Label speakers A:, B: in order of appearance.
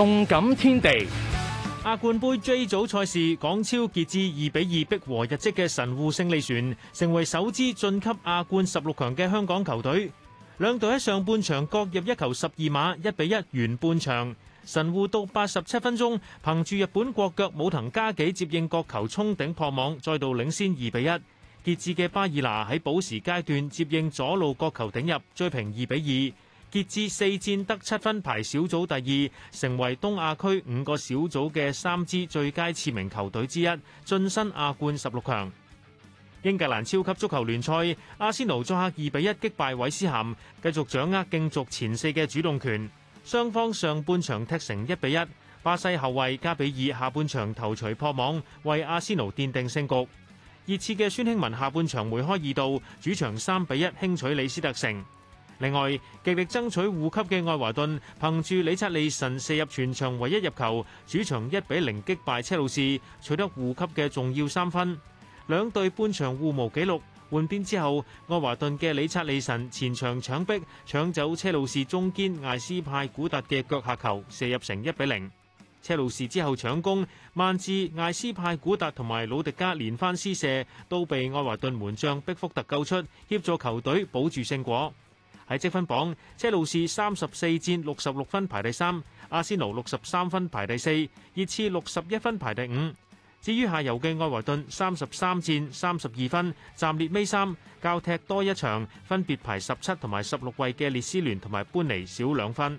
A: 動感天地亞冠杯 J 組賽事，港超傑志二比二逼和日職嘅神戶勝利船，成為首支晉級亞冠十六強嘅香港球隊。兩隊喺上半場各入一球，十二碼一比一完半場。神戶到八十七分鐘，憑住日本國腳武藤嘉紀接應角球衝頂破網，再度領先二比一。傑志嘅巴爾拿喺補時階段接應左路角球頂入，追平二比二。傑志四戰得七分排小組第二，成為東亞區五個小組嘅三支最佳次名球隊之一，晉身亞冠十六強。英格蘭超級足球聯賽，阿仙奴作客二比一擊敗韋斯咸，繼續掌握競逐前四嘅主動權。雙方上半場踢成一比一，巴西後衛加比爾下半場頭槌破網，為阿仙奴奠定勝局。熱刺嘅孫興文下半場梅開二度，主場三比一輕取李斯特城。另外，極力爭取護級嘅愛華頓憑住李察利臣射入全場唯一入球，主場一比零擊敗車路士，取得護級嘅重要三分。兩隊半場互無紀錄，換邊之後，愛華頓嘅李察利臣前場搶逼搶走車路士中堅艾斯派古達嘅腳下球，射入成一比零。車路士之後搶攻，曼治艾斯派古達同埋魯迪加連番施射，都被愛華頓門將逼福特救出，協助球隊保住勝果。喺積分榜，車路士三十四戰六十六分排第三，阿仙奴六十三分排第四，熱刺六十一分排第五。至於下游嘅愛華頓三十三戰三十二分，暫列尾三，較踢多一場，分別排十七同埋十六位嘅列斯聯同埋般尼少兩分。